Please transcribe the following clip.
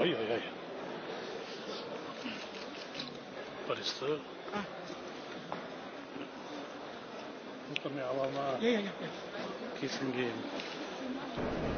Oi, oi, oi. Wat is er? Ah. Moeten we allemaal ja, ja, ja. kiezen gehen.